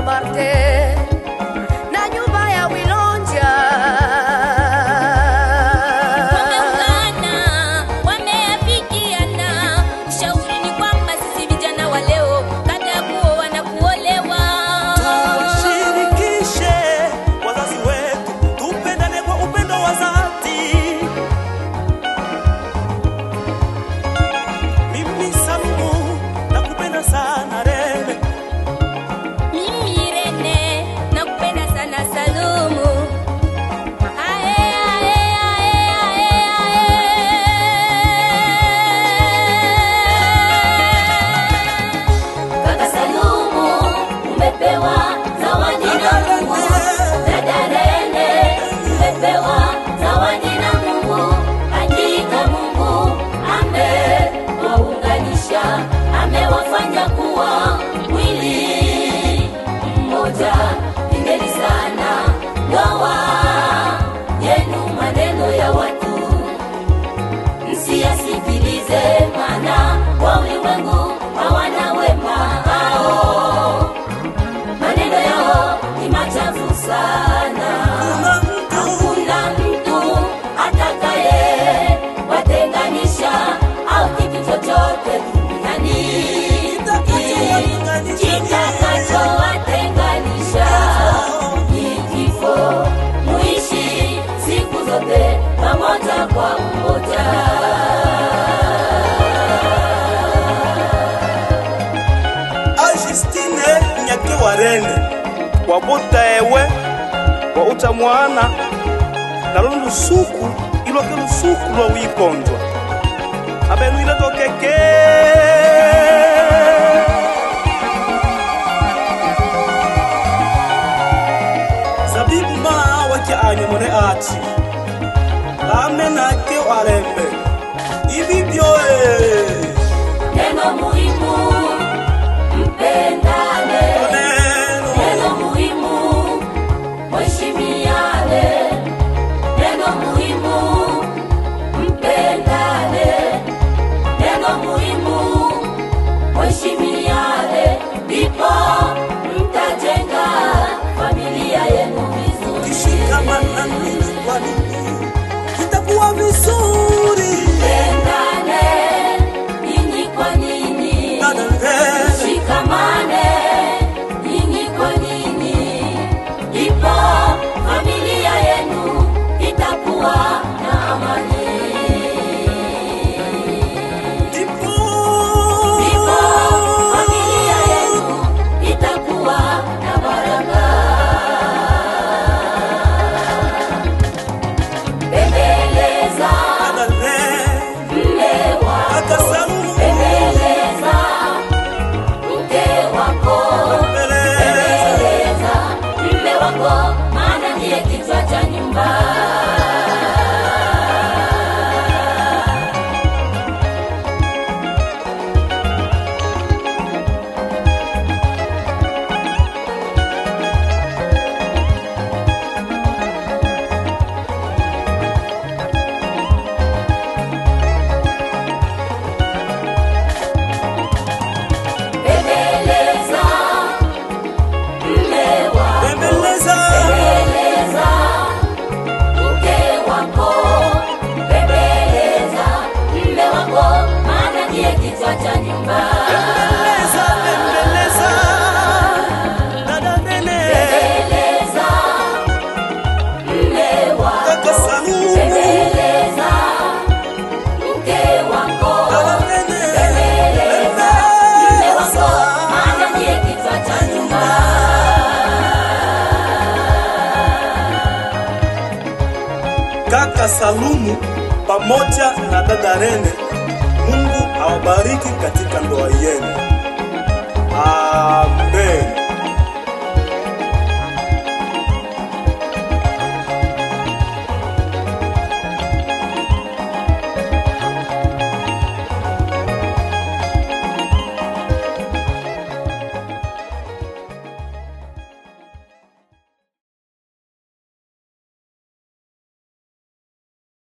amarte amewaunganisha, amewafanya kuwa mwili mmoja. Pingeni sana ndoa warene wabuta ewe wauta mwana nalo lusuku iloke lusuku lowikondwa abenu iletokeke kaka Salumu pamoja na dada Rene. Mungu awabariki katika ndoa yenu.